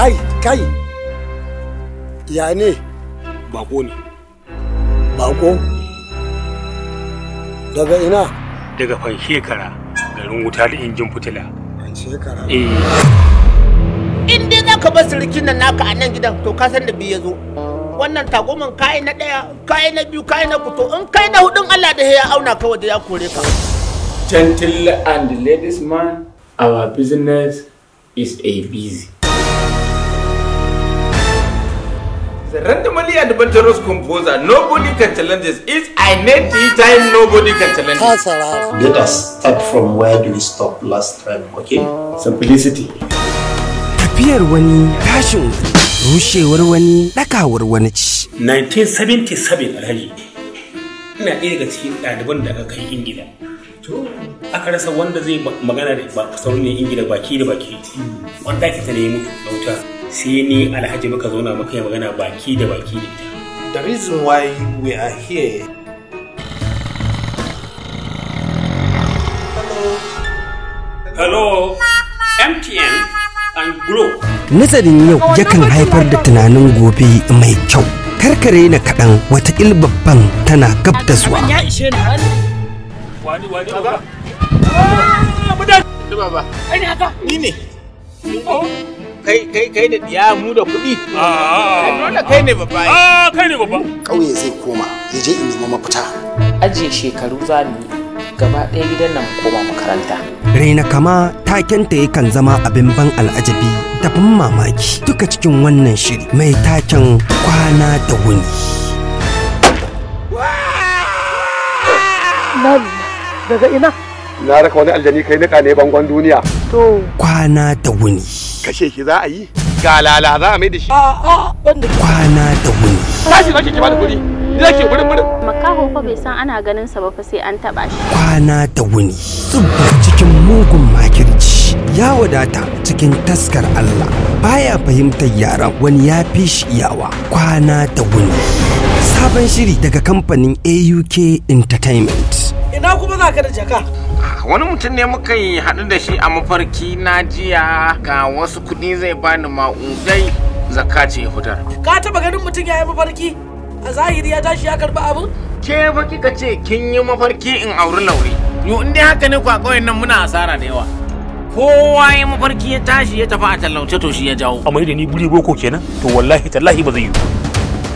kai kai ya ne bako ne bako daga ina daga fan shekara garin wuta da injin fitila fan shekara eh in dai zaka bar sirikin nan naka a nan gidan to ka san da bi ya zo wannan tagoman kai na ɗaya kai na biyu kai na to in kai na hudun Allah da ya auna ka da ya kore ka. Gentle and ladies man, our business is a busy. The randomly adventurous composer, nobody can challenge this. It's I need time, nobody can challenge this. Let us start from where we stop last time, okay? Simplicity. Tafiyar wani tashin rushewar wani dakawar wani ci. 1977 alhaji ina ɗaya daga cikin ɗaliban da aka kai ingila aka rasa wanda zai magana da saurin ingila baki da baki wanda ake ta ne mutu da wuta sai ni alhaji muka zauna muka yi magana baki da baki da ita the reason why we are here hello mtn and glow nazarin yau yakan haifar da tunanin gobe mai kyau karkare na kaɗan wata babban tana gab da zuwa wani wani ah, ba ni ne oh. kai kai kai da diya mu da kuɗi ah, ah, ah. dole kai ne babba a kai ne babba ƙauye zai koma ya je in nemi mafita ajiye shekaru za mu yi gaba ɗaya gidan nan koma makaranta raina kama takenta yakan zama abin ban al'ajabi da ban mamaki duka cikin wannan shiri mai taken kwana da wuni daga ina na raka wani aljani kai nika ne bangon duniya to kwana da wuni kashe shi za a yi ga lala za a mai da shi kwana da wuni tashi zaki ki bada kuɗi ke burin burin makaho fa bai san ana ganin sa ba fa sai an taba shi kwana da wuni zubba cikin mugun makirci ya wadata cikin taskar Allah baya fahimtar yaran wani ya fi shi iyawa kwana da wuni sabon shiri daga kamfanin AUK Entertainment ina kuma za ka da jaka wani mutum ne muka yi haɗu da shi a mafarki na jiya ga wasu kuɗi zai bani ma'udai zakka ce fitar ka taba ganin mutum ya yi mafarki a zahiri ya tashi ya karɓi abin ke baki ka ce kin yi mafarki in auri laure yo in dai haka ne kwa kawai nan muna asara da yawa kowa ya mafarki ya tashi ya tafi a tallauce to shi ya jawo Amma da ni buri boko kenan to wallahi tallahi ba zai yi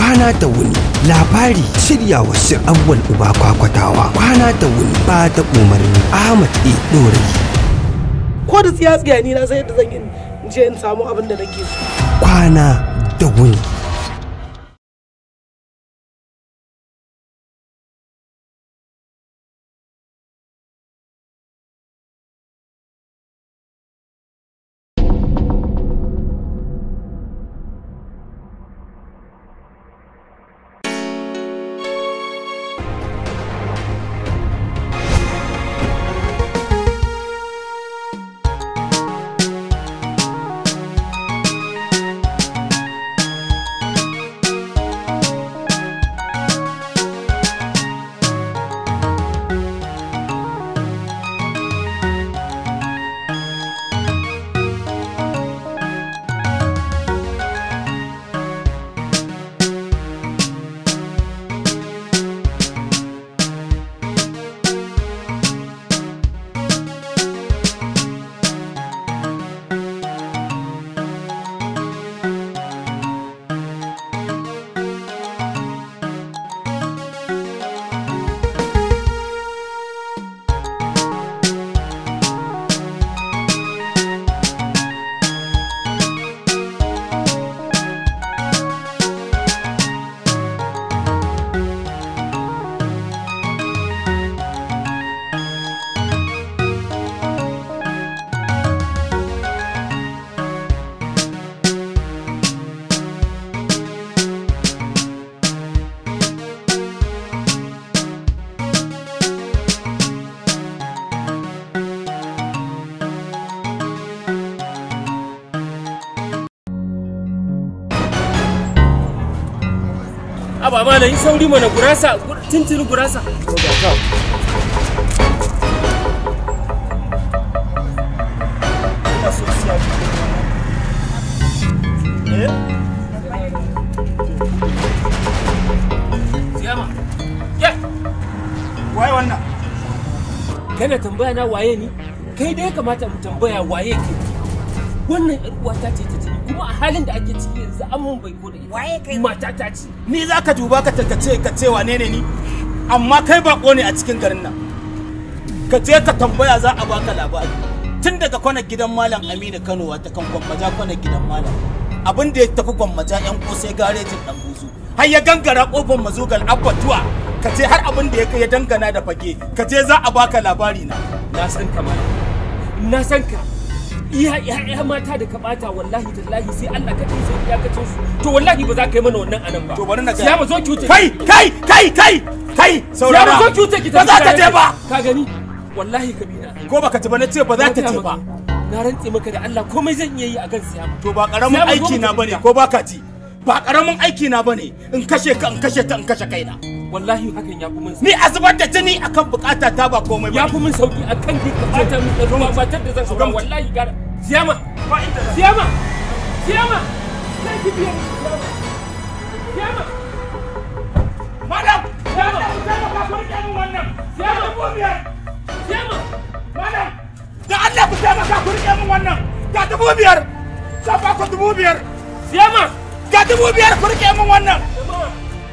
kwana da wuni labari shiryawa sir awwal uba kwakwatawa kwana da wuni ba da umarni ahmad e dori ko da tsiya tsiya ni na sai da zan yi je in samu abin da nake so kwana da wuni Aba ma yi sauri mana gurasa, tuntuni gurasa. Kana tambaya na waye ni? Kai dai kamata mu tambaya waye ke. Wannan uwata ce ta halin da ake ciki yanzu an mun bai da ita waye kai mata ta ce ni za ka duba ka tace ka ce wane ne ni amma kai bako ne a cikin garin nan ka je ka tambaya za a baka labari tun daga kwanan gidan malam aminu kano ta kan gwammaja kwanan gidan malam abin da ya tafi gwammaja yan kosai garejin dan buzu har ya gangara kofar mazugal abbatuwa ka ce har abin da ya kai ya dangana da fage ka ce za a baka labari na na san ka malam na san ka iya ya mata da ka bata wallahi tallahi sai Allah ka kai sai ya kace su to wallahi ba za ka yi mana wannan anan ba to bari na ga ya mu zo cuce kai kai kai kai kai ya mu cuce ki ba za ta je ba ka gani wallahi kabila ko baka ci ba na ce ba za ta je ba na rantse maka da Allah komai zan iya yi a kan siyama to ba karamin aiki na bane ko baka ji ba karamin aiki na bane in kashe ka in kashe ta in kashe kaina wallahi hakan ya fi mun ni a zubar da jini akan bukata ta ba komai ba ya fi mun sauki akan ki bukata mun da ruwa ba tar da zan aura wallahi gara siyama ba inda siyama siyama sai ki biya siyama madam siyama siyama ka so ki mun wannan siyama ko biya siyama madam da Allah ku siyama ka ku rike mun wannan ga dubu biyar ka ku dubu biyar siyama ga dubu biyar ku rike mun wannan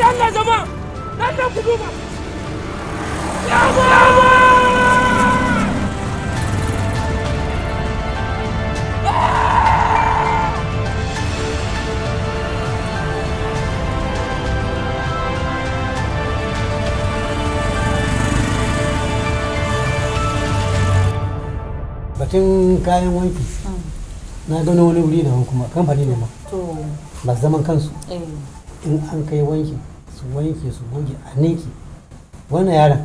da zama jama'a nan ku duba batun kayan wanki hmm. na gano wani wuri da kuma kamfani ne ma ba zaman kansu eh. in an kai wanki su wanke su goge a ninki wannan yaron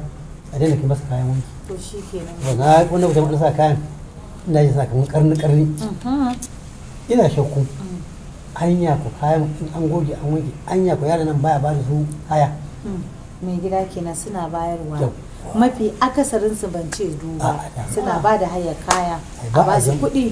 a daina ki masa kayan wanki to shi kenan wannan wanda mutum an sa kayan ina sa kamar karni karni mm-hmm. ina shakku mm. anya ku kayan in an goge an wanke anya ku yaran nan baya ba da su haya mm. mai gida kenan suna bayarwa mafi akasarin su ban ce duba suna ba da haya kaya a ba su kuɗi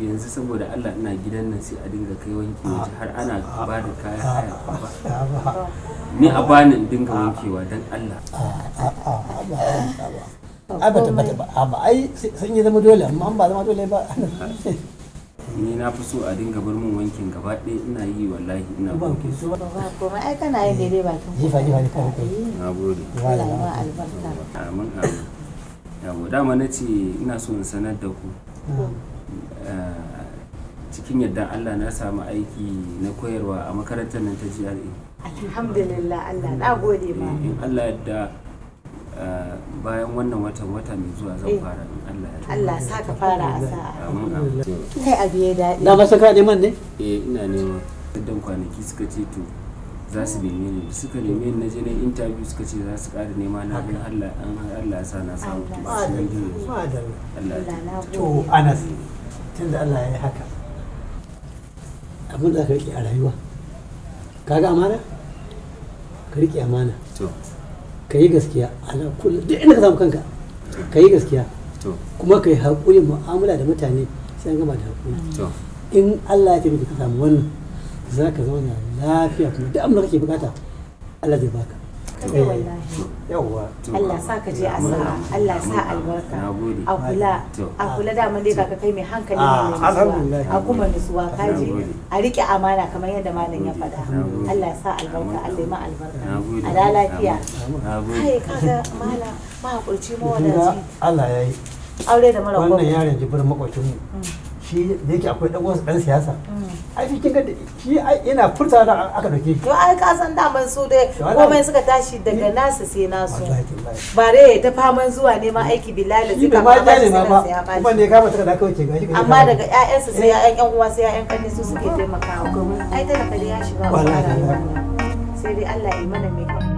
yanzu saboda Allah ina gidan nan sai a dinga kai wanki waje har ana ba da kaya haya ba ni a bani dinga wankewa don Allah a ba tabbata ba ba ai sun yi zama dole amma ba zama dole ba ni na fi so a dinga bar min wankin gaba ɗaya ina yi wallahi ina ke so ba kuma ai kana yi daidai bakin jifa jifa ne kawai kai na gode albarka ya albarka amin amin yawo dama ce ina so in sanar da ku hmm. Eh, cikin yadda Allah na samu aiki na koyarwa a makarantar nan ta GRA alhamdulillah Allah na gode ma eh, in Allah yadda eh, bayan wannan watan wata mai zuwa zan fara in Allah ya Allah sa ka fara a sa'a kai abu ya daɗi na ba saka man ne eh ina neman dan kwanaki suka ce to za su neme ni suka neme ni je na interview suka ce za su ƙara nema na bin Allah an Allah ya sa na samu to Allah to Anas tunda Allah ya yi haka abin da aka riƙe a rayuwa kaga amana ka riƙe amana ka yi gaskiya ala kullum duk inda ka samu kanka ka yi gaskiya kuma ka yi haƙuri mu'amala da mutane sai an gama da haƙuri in Allah ya taimaka ka samu wannan za ka zauna lafiya kuma duk abin da kake bukata Allah zai baka kai wallahi eh. yawwa Allah sa ka je asa'a Allah sa albarka a kula a kula da mun dai kaka kai mai hankali ah, ne alhamdulillah a kuma nutsuwa kaji a rike amana kamar yadda malam ya faɗa Allah sa albarka Allah ya ma albarka a da lafiya kai kaga mala ma hakurci mu Allah yayi aure da mara wannan yaron jibir makwacin mu mm. shi da yake akwai dan wasu dan siyasa mm. ai shi kinga shi yana furta da aka dauke to ai ka san daman su dai komai suka tashi daga nasu sai nasu ba dai ta faman zuwa neman aiki bilal zai ka ba ne ba kuma ne ka mata da kawai ke gashi amma daga ƴaƴansu sai eh. ƴaƴan ƴan uwa sai ƴaƴan kanne su suke taimakawa ai talaka da ya shiga wallahi sai dai Allah ya mana mai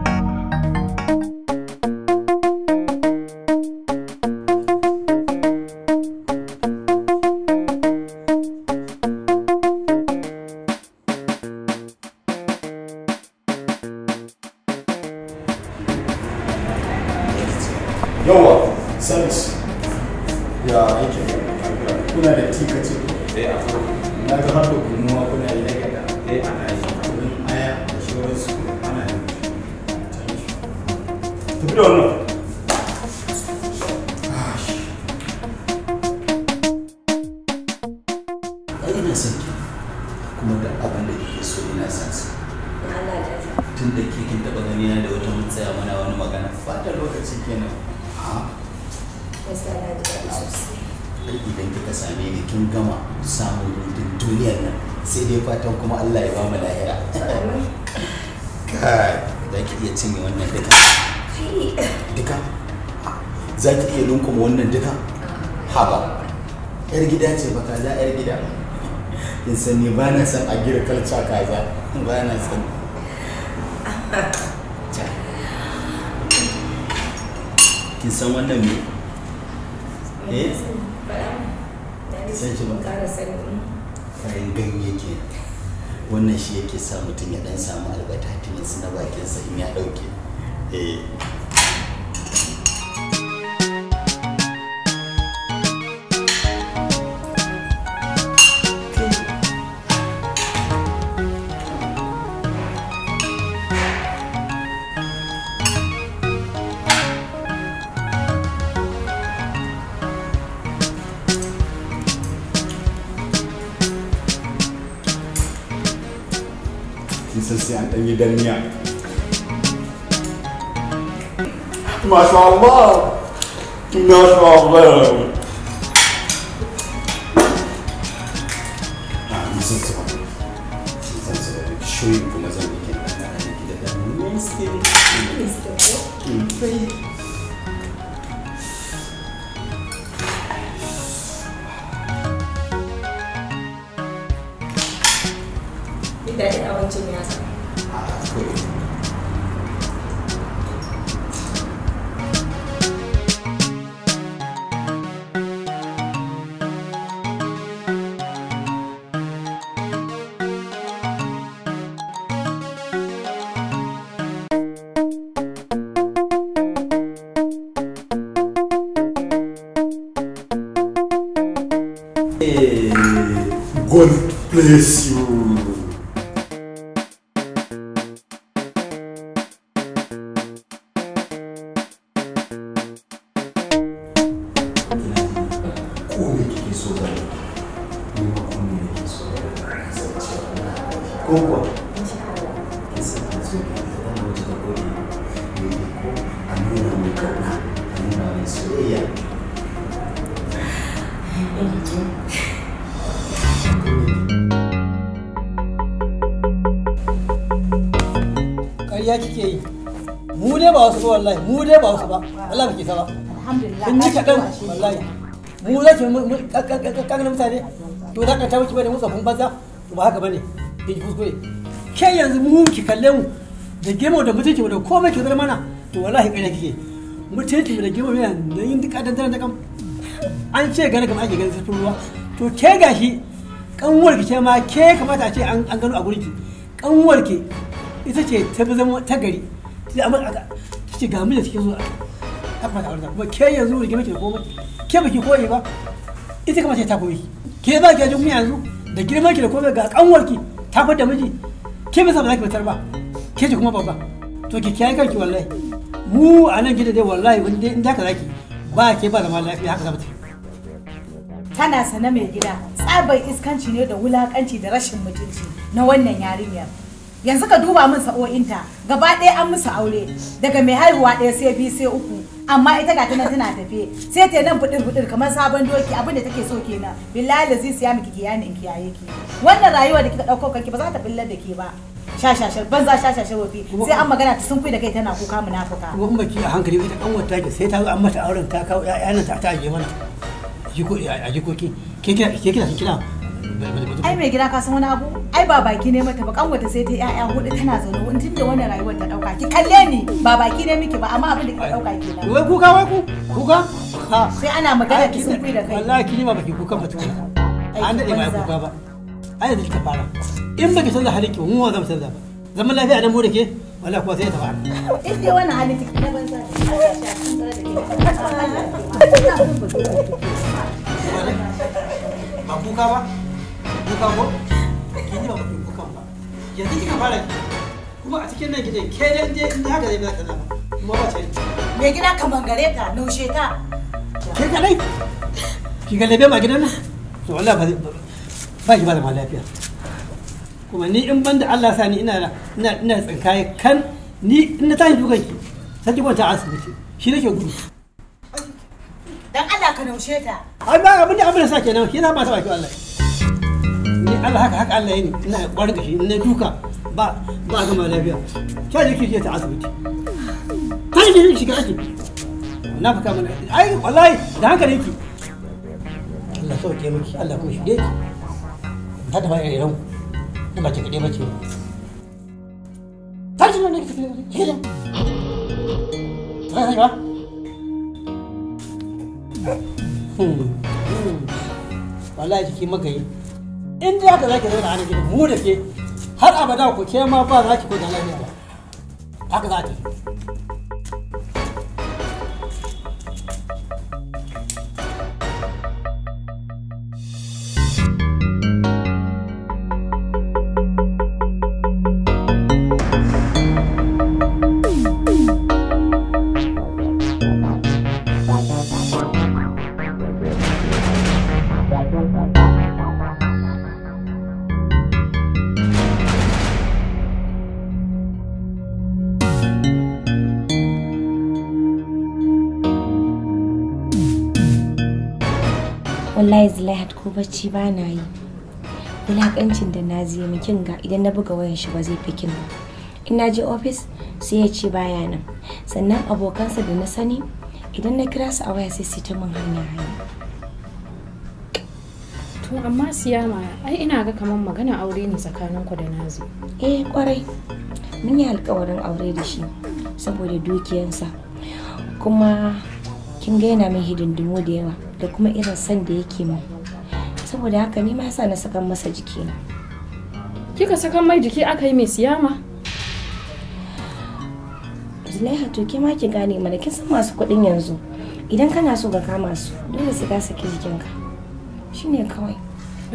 son ki kuma da abin da kike so ina san sa tun da ke kin taɓa gani da wata mun tsaya mana wani magana fata lokacin kenan ha idan kika same ni kin gama samun rudin duniyar nan sai dai fatan kuma Allah ya ba mu lahira kai za ki iya cinye wannan duka duka za ki iya lunkuma wannan duka ah. haba yar gida ce baka za yar gida in ne ba na san agriculture kaza ba na san kin san wannan me eh, eh? san shi ba kayan ganye ke wannan shi yake sa mutum ya dan samu albatatimin na sa in ya dauke eh bidannya Masya Allah Masya Allah Nasıl izin sebenarnya Izin sebenarnya Şuyum ya kike yi mu dai ba wasu ba wallahi mu dai ba wasu ba wallahi kike saba alhamdulillah kin ji kadan wallahi mu za ki kankana mutane to za ka tabbaki bane mu mutsafin banza to ba haka bane ki kuskure ke yanzu mu ki kalle mu da gemo da mutunci da komai ki zama mana to wallahi ƙarya kike mutunci da gemo ne da yin duka dandanan da kam an ce gane kamar ake ganin zurfin ruwa to ke gashi kanwar ki ce ma ke kamata a ce an gano a gurin ki kanwar ki ita ce ta fi zama ta gari ta ce ga mijin take zuwa a kuma ta kuma ke yanzu da ke da komai ke baki koyi ba ita kama ce ta koyi ke ba ki jin yanzu da girman ki da komai ga kanwarki ta fadda miji ke ba za zaki fitar ba ke ce kuma babba to ki kiyaye kanki wallahi mu a nan gida dai wallahi wani dai in da ka zaki ba ke ba zama lafiya haka zama tana sana mai gida tsabar iskanci ne da wulakanci da rashin mutunci na wannan yarinyar yanzu ka duba min sa'o'inta gaba ɗaya an musu aure daga mai haihuwa ɗaya sai biyu sai uku amma ita ga tana tana tafe sai ta nan budir budir kamar sabon doki abin da take so kenan billahi lazi siya miki kiyani in kiyaye ki wannan rayuwa da kika dauko kanki ba za ta billar da ke ba shashashar banza shashashar wafi sai an magana ta sun da kai tana kuka munafuka kuma baki a hankali ita kan wata ki sai ta zo an mata auren ta kawo ƴaƴan ta ta aje mana a jikoki ke kina ke kina kina ai mai gida ka san wani abu ai ba baki ne mata ba kanwata sai ta yaya hudu tana zaune wani tunda wannan rayuwar ta dauka ki kalle ni ba baki ne miki ba amma abin da ke dauka kenan wai kuka wai ku kuka sai ana magana ki sun fi da kai wallahi kin ma baki kuka ba tukuna an dade ba kuka ba ai da ta fara in baki san da halin ki mu zan san da ba zaman lafiya da mu da ke wallahi kuwa sai ta fara in dai wannan halin ki na banza ba kuka ba kuka ba ki yi ba mutum kukan ba yanzu kika fara ki kuma a cikin nan gidan ke je in haka zai ba kuma ba me gida ka mangare ta naushe ta ke kadai ki ga ma gidan nan to wallahi ba ba ki ba da lafiya kuma ni in banda Allah sa ni ina ina ina tsinkaye kan ni in na tashi dukan ki sai ki kwanta asibiti shi nake gudu dan Allah ka naushe ta ai ba abin da abin da sa kenan ba na ba ta baki wallahi ni Allah haka haka Allah ina kwarin gashi ina duka ba ba zama lafiya ta ta asibiti ta shiga na faka mana ai wallahi da haka ne ki Allah sauke miki Allah kuma shige ki ta iran ku ba kade ba ce ta ji ne ki ta ba hmm. hmm. Wallahi jiki magayi. in da haka za ki zauna a gidan mu da ke har abada ku ke ma ba za ki ko da lafiya ba haka za wallahi zilahat ko bacci ba na yi wulakancin da na ziye mikin ga idan na buga wayan shi ba zai fi ba. in na je ofis sai ya ce baya nan sannan abokansa da na sani idan na kira su a waya sai su ta min hanya hanya to amma siyama ai ina ga kamar magana aure ne ku da nazo eh kwarai mun yi alƙawarin aure da shi saboda dukiyansa kuma kin ga yana min hidindimu da yawa da kuma irin san da yake min saboda haka ni ma yasa na sakan masa jikina kika sakan mai jiki aka yi mai siyama Zulaiha to ke ma ki gane mana kin san masu kuɗin yanzu idan kana so ka kama su dole su ga saki jikinka shine kawai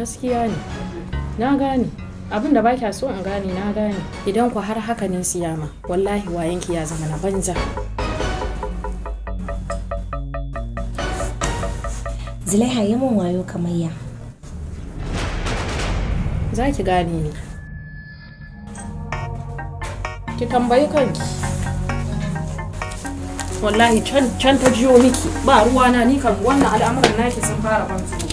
gaskiya ne na gane abin da ba kya so in gane na gane idan ku har haka ne siyama wallahi wayanki ya zama na banza Zulaiha ya mun wayo kamayya. Za ki gane ni. Ki tambayi kanki. Wallahi can ta jiyo miki ba ruwana ni kan wannan al'amuran naki sun fara ban tsoro.